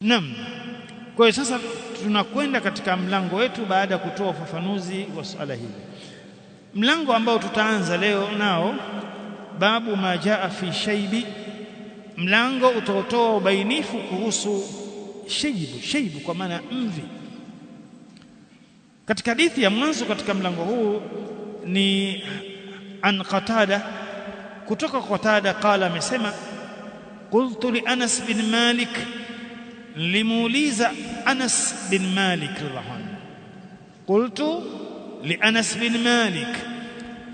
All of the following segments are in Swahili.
Naam. Kwa hiyo sasa tunakwenda katika mlango wetu baada ya kutoa ufafanuzi wa swala hili. Mlango ambao tutaanza leo nao babu ma jaa fi shaibi, mlango utaotoa ubainifu kuhusu shaibu. Shaibu kwa maana mvi. Katika hadithi ya mwanzo katika mlango huu ni an Qatada, kutoka Qatada qala, amesema qultu li Anas bin Malik لموليزا أنس بن مالك الرحمن قلت لأنس بن مالك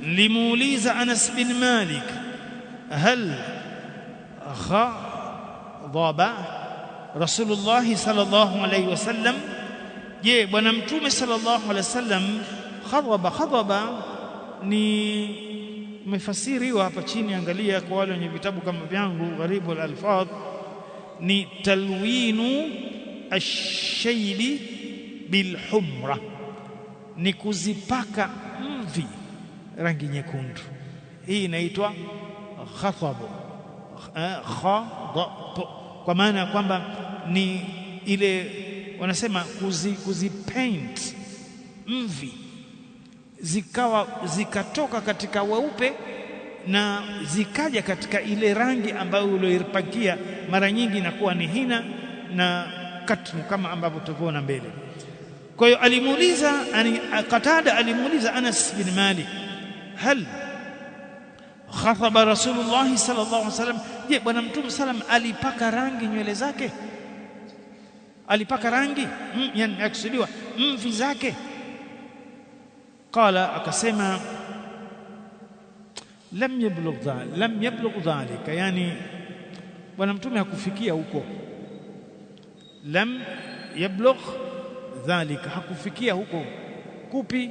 لموليزا أنس بن مالك هل خضب رسول الله صلى الله عليه وسلم يه ونمتوم صلى الله عليه وسلم خضب خضب ني مفسيري hapa chini angalia kwa wale wenye vitabu kama vyangu ni talwinu ashaili bilhumra, ni kuzipaka mvi rangi nyekundu. Hii inaitwa khatabu eh, kwa maana ya kwamba ni ile wanasema kuzi, kuzi paint mvi zikawa zikatoka katika weupe na zikaja katika ile rangi ambayo ulioipakia, mara nyingi inakuwa ni hina na katmu, kama ambavyo tutaona mbele. Kwa hiyo alimuuliza Qatada, alimuuliza Anas bin Malik, hal khathaba Rasulullah sallallahu alaihi wasallam, je, bwana mtume salam alipaka rangi nywele zake? Alipaka rangi mm, yani akusudiwa mvi mm, zake? Qala, akasema lam yablugh lam yablugh dhalika, yani bwana mtume hakufikia huko. Lam yablugh dhalika, hakufikia huko. Kupi?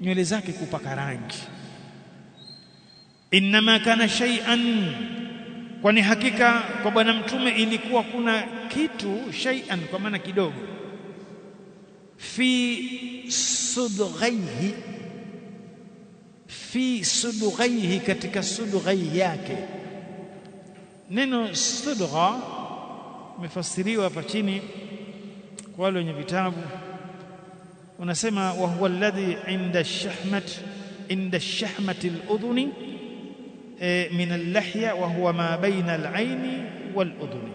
nywele zake kupaka rangi. inma kana shay'an, kwani hakika kwa bwana mtume ilikuwa kuna kitu, shay'an kwa maana kidogo, fi sudghaihi fi sudghaihi, katika sudghai yake. Neno sudgha imefasiriwa hapa chini kwa wale wenye vitabu, unasema wa huwa alladhi inda shahmat inda shahmati ludhuni e, min allahya lahya wa huwa ma baina al-aini wal-udhuni.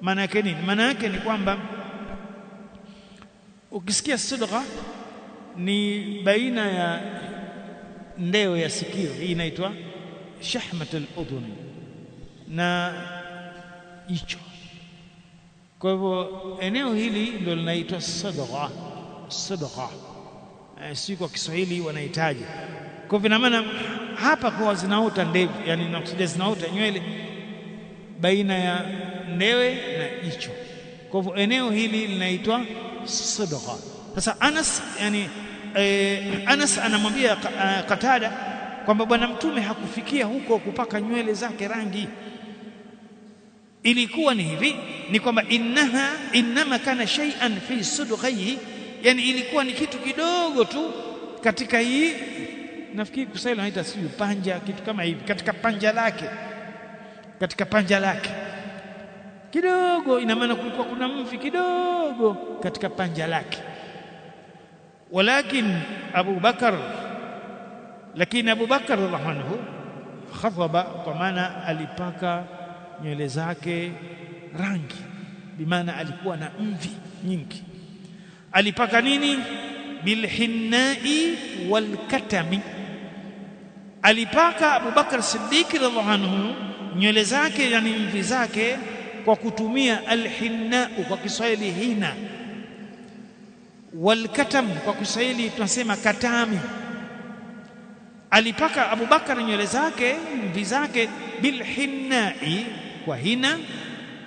Maana yake nini? Maana yake ni kwamba ukisikia sudgha ni baina ya ndeo ya sikio hii inaitwa shahmatul udhun na jicho. Kwa hivyo eneo hili ndio linaitwa sadgha. Sadgha eh, si kwa Kiswahili wanahitaji kwa hivyo maana hapa kwa zinaota ndevu, yani nakusudia zinaota nywele baina ya ndewe na jicho. Kwa hivyo eneo hili linaitwa sadgha. Sasa Anas yani eh, Anas anamwambia eh, Katada kwamba bwana mtume hakufikia huko kupaka nywele zake rangi. Ilikuwa ni hivi, ni kwamba innaha innama kana shay'an fi sudghaihi, yani ilikuwa ni kitu kidogo tu katika hii, nafikiri kusaili anaita siyo panja, kitu kama hivi, katika panja lake, katika panja lake kidogo. Ina maana kulikuwa kuna mvi kidogo katika panja lake walakin Abu Bakar, lakini Abu Bakar radhiallahu anhu khadhaba, kwa maana alipaka nywele zake rangi, bimaana alikuwa na mvi nyingi. Alipaka nini? Bilhinnai walkatami, alipaka Abu Bakar Siddiq radhiallahu anhu nywele zake, yani mvi zake, kwa kutumia alhinnau, kwa Kiswahili hina Walkatam, kwa Kiswahili tunasema katami. Alipaka Abubakar nywele zake mvi zake bilhinnai, kwa hina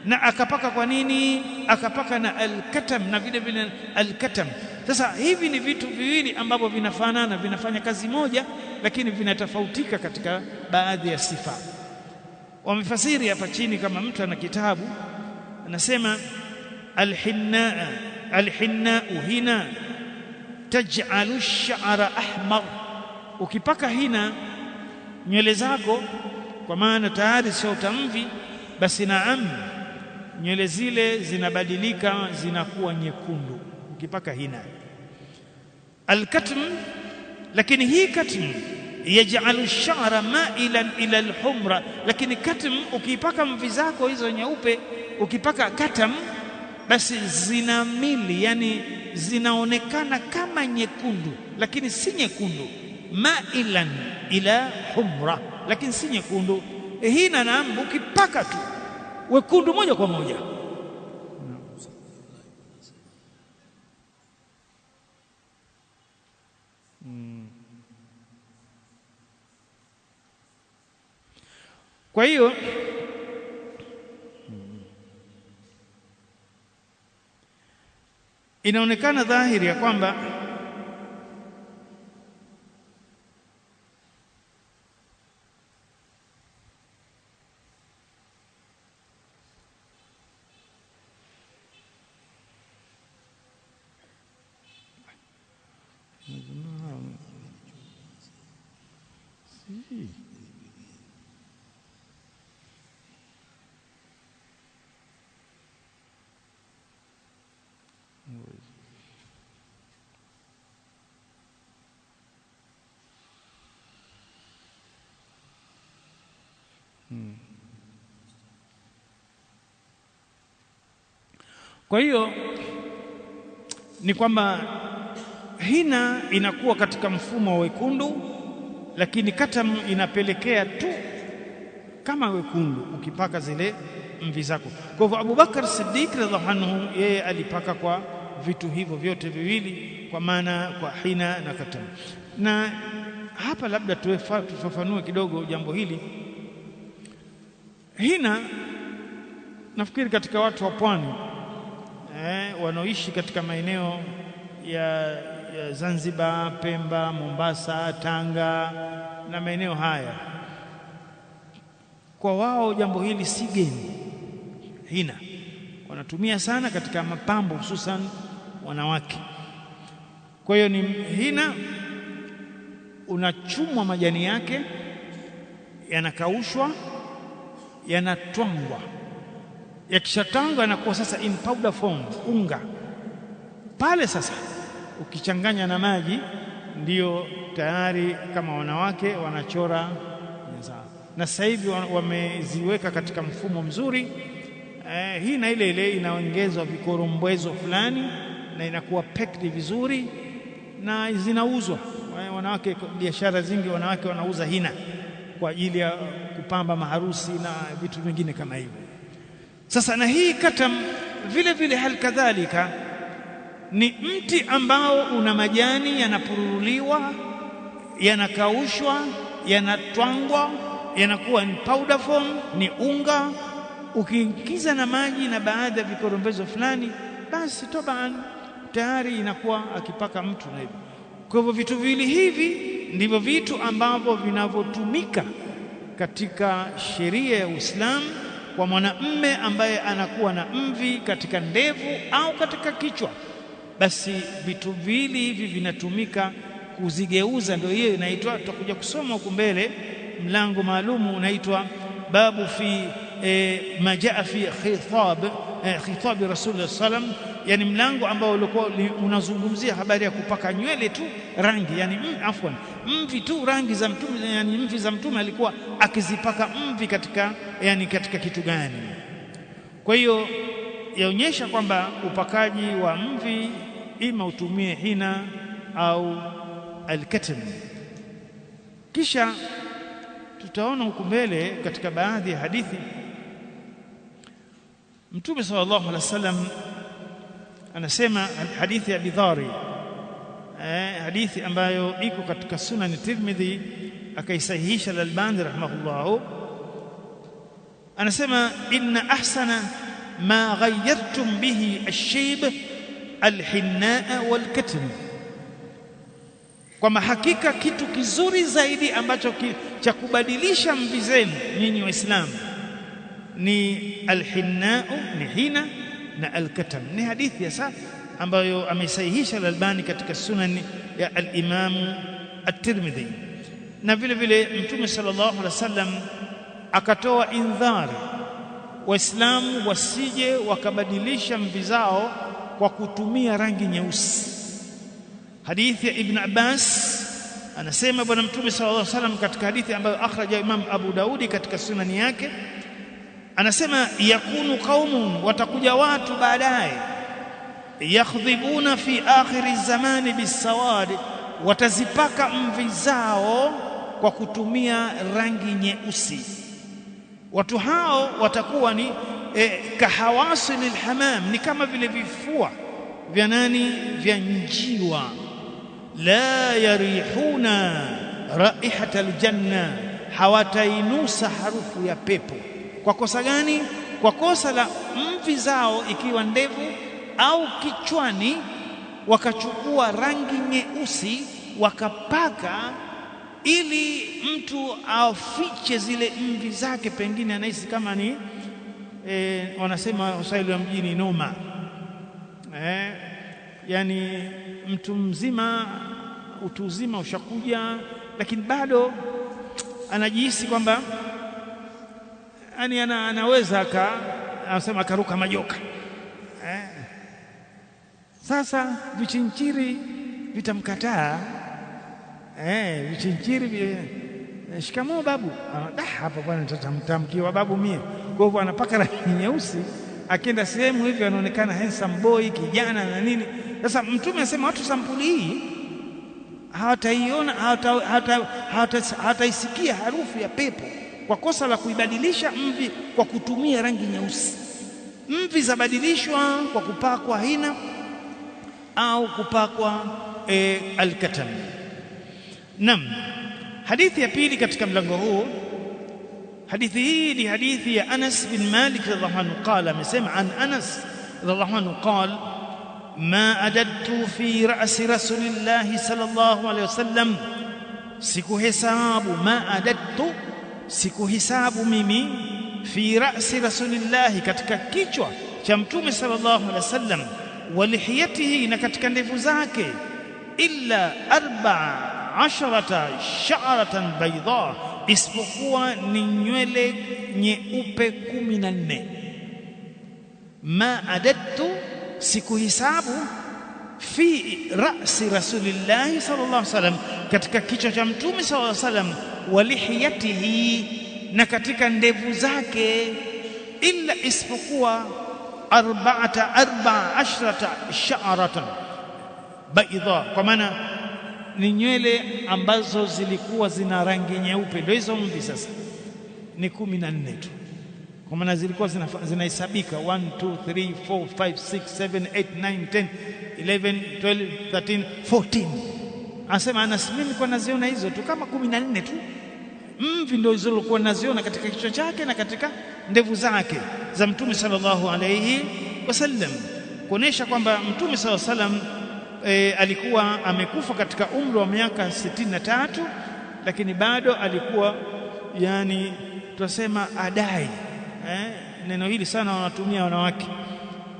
na akapaka. Kwa nini akapaka na alkatam na vile vile alkatam? Sasa hivi ni vitu viwili ambavyo vinafanana, vinafanya kazi moja, lakini vinatofautika katika baadhi ya sifa. Wamefasiri hapa chini, kama mtu ana kitabu anasema alhinnaa alhinnau hina taj'alu ash-sha'ra ahmar, ukipaka hina nywele zako, kwa maana tayari sio tamvi, basi naam, nywele zile zinabadilika zinakuwa nyekundu ukipaka hina. Alkatm, lakini hii katm yaj'alu ash-sha'ra ma'ilan ila al-humra, lakini katm ukipaka mvi zako hizo nyeupe, ukipaka katam basi zina mili, yani zinaonekana kama nyekundu, lakini si nyekundu, mailan ila humra, lakini si nyekundu. Eh, hii na naam, ukipaka tu wekundu moja kwa moja. Hmm. Kwa hiyo Inaonekana dhahiri ya kwamba Kwa hiyo ni kwamba hina inakuwa katika mfumo wa wekundu, lakini katamu inapelekea tu kama wekundu ukipaka zile mvi zako. Kwa hivyo Abubakar Siddiq radhiallahu anhu yeye alipaka kwa vitu hivyo vyote viwili, kwa maana kwa hina na katamu. Na hapa labda tufafanue kidogo jambo hili. Hina nafikiri katika watu wa pwani eh, wanaoishi katika maeneo ya, ya Zanzibar, Pemba, Mombasa, Tanga na maeneo haya, kwa wao jambo hili si geni. Hina wanatumia sana katika mapambo, hususan wanawake. Kwa hiyo ni hina, unachumwa majani yake yanakaushwa, yanatwangwa yakishatanga yanakuwa sasa in powder form, unga pale. Sasa ukichanganya na maji, ndio tayari kama wanawake wanachora mezao, na sasa hivi wameziweka katika mfumo mzuri eh, hii na ile ile inaongezwa vikorombwezo fulani na inakuwa packed vizuri na zinauzwa. Eh, wanawake biashara zingi, wanawake wanauza hina kwa ajili ya kupamba maharusi na vitu vingine kama hivyo. Sasa na hii katam vile vile hal kadhalika ni mti ambao una majani yanapururuliwa, yanakaushwa, yanatwangwa, yanakuwa ni powder form, ni unga. Ukiingiza na maji na baadhi ya vikorombezo fulani, basi tobaan tayari inakuwa akipaka mtu na hivyo. Kwa hivyo vitu viwili hivi ndivyo vitu ambavyo vinavyotumika katika sheria ya Uislamu kwa mwanamme ambaye anakuwa na mvi katika ndevu au katika kichwa, basi vitu viwili hivi vinatumika kuzigeuza. Ndio hiyo inaitwa, tutakuja kusoma huku mbele, mlango maalumu unaitwa babu fi e, majaa fi khitab e, eh, khitabi rasulullah sallam yani mlango ambao ulikuwa unazungumzia habari ya kupaka nywele tu rangi yani mm, afwan mvi tu rangi za mtume yani mvi za mtume alikuwa akizipaka mvi katika yani katika kitu gani kwa hiyo yaonyesha kwamba upakaji wa mvi ima utumie hina au alkatim kisha tutaona huku mbele katika baadhi ya hadithi mtume sallallahu alaihi wasallam anasema hadithi ya bidhari eh, hadithi ambayo iko katika sunani Tirmidhi akaisahihisha al-Albani rahimahullahu anasema inna ahsana ma ghayyartum bihi ash-shayb al-hinnaa wal-katm kwamba hakika kitu kizuri zaidi ambacho cha kubadilisha mvi zenu nyinyi waislamu ni alhinnau ni hina na Alkatam. Ni hadithi hasa ambayo ameisahihisha Al-Albani katika sunani ya Alimamu At-Tirmidhi, na vile vile Mtume sallallahu alaihi wasallam akatoa indhari Waislamu wasije wakabadilisha mvi zao kwa kutumia rangi nyeusi. Hadithi ya Ibn Abbas anasema Bwana Mtume sallallahu alaihi wasallam katika hadithi ambayo akhraja Imam Abu Daudi katika sunani yake anasema yakunu qaumun, watakuja watu baadaye, yakhdhibuna fi akhiri zamani bisawadi, watazipaka mvi zao kwa kutumia rangi nyeusi. Watu hao watakuwa ni eh, kahawasi lilhamam, ni kama vile vifua vya nani? Vya njiwa. La yarihuna raihata aljanna, hawatainusa harufu ya pepo kwa kosa gani? Kwa kosa la mvi zao ikiwa ndevu au kichwani, wakachukua rangi nyeusi wakapaka, ili mtu afiche zile mvi zake, pengine anahisi kama ni e, wanasema Waswahili wa mjini noma e, yani mtu mzima, utu uzima ushakuja, lakini bado anajihisi kwamba yani ana, anaweza aka anasema akaruka majoka eh. Sasa vichinchiri vitamkataa eh, vichinchiri vi, eh, shikamoo babu, ah, da hapa bwana, nitatamkiwa babu mie. Kwa hivyo anapaka rangi nyeusi, akienda sehemu hivyo anaonekana handsome boy, kijana na nini. Sasa Mtume anasema watu sampuli hii hawataiona, hawataisikia harufu ya pepo kwa kosa la kuibadilisha mvi kwa kutumia rangi nyeusi. Mvi zabadilishwa kwa kupakwa hina au kupakwa e, eh, alkatam. Naam, hadithi ya pili katika mlango huu, hadithi hii ni hadithi ya Anas bin Malik radhiallahu anhu qala, amesema an Anas radhiallahu anhu qala ma adadtu fi ra'si rasulillahi sallallahu alayhi wasallam, sikuhesabu ma adadtu sikuhisabu mimi fi ra'si rasulillahi, katika kichwa cha mtume sallallahu alaihi wasallam, wa lihiyatihi, na katika ndevu zake, illa arba'a asharata sha'ratan bayda, isipokuwa ni nywele nyeupe kumi na nne. Ma adadtu, sikuhisabu fi ra'si rasulillahi sallallahu alaihi wasallam, katika kichwa cha mtume sallallahu alaihi wasallam walihiyatihi, na katika ndevu zake, illa isipokuwa arba'ata arba ashrata sha'ratan baidha, kwa maana ni nywele ambazo zilikuwa zina rangi nyeupe, ndio hizo mvi sasa ni kumi na nne tu, kwa maana zilikuwa zinahesabika 1 2 3 4 5 6 7 8 9 10 11 12 13 14 Anasema Anas, mimi nilikuwa naziona hizo tu kama kumi na nne tu, mvi ndio nilikuwa naziona katika kichwa chake na katika ndevu zake za Mtume sallallahu alayhi wasallam, kuonesha kwamba Mtume sallallahu alayhi wasallam e, alikuwa amekufa katika umri wa miaka 63 na tatu, lakini bado alikuwa yani tunasema adai eh, neno hili sana wanatumia wanawake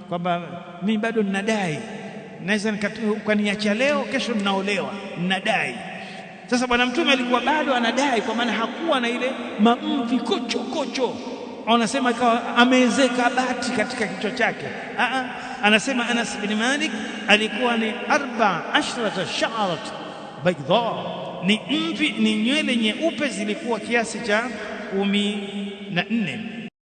kwamba mimi bado ninadai naweza ukaniacha leo, kesho mnaolewa, mnadai. Sasa Bwana Mtume alikuwa bado anadai, kwa maana hakuwa na ile mamvi kocho kocho, anasema ikawa ameezeka bati katika kichwa chake. anasema Anas bin Malik alikuwa ni arba ashrata sha'rat baydha, ni mvi, ni nywele nyeupe zilikuwa kiasi cha kumi na nne.